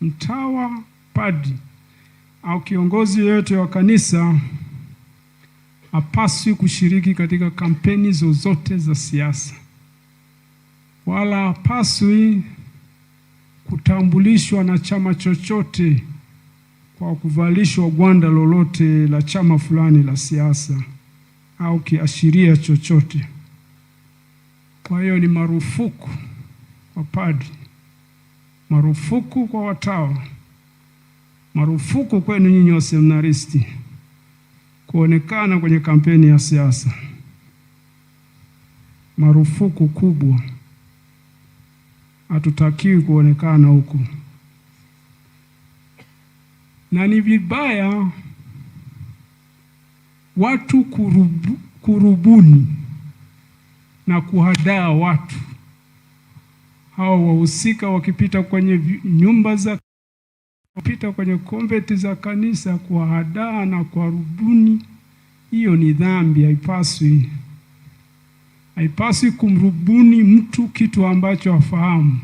mtawa, padri au kiongozi yeyote wa kanisa hapaswi kushiriki katika kampeni zozote za siasa, wala hapaswi kutambulishwa na chama chochote kwa kuvalishwa gwanda lolote la chama fulani la siasa au kiashiria chochote. Kwa hiyo ni marufuku kwa padri marufuku kwa watawa, marufuku kwenu nyinyi wa seminaristi kuonekana kwenye kampeni ya siasa, marufuku kubwa. Hatutakiwi kuonekana huko, na ni vibaya watu kurubu, kurubuni na kuhadaa watu hao wahusika wakipita kwenye nyumba za kupita kwenye konventi za kanisa kwa hadaa na kwa rubuni. Hiyo ni dhambi, haipaswi haipaswi kumrubuni mtu kitu ambacho afahamu.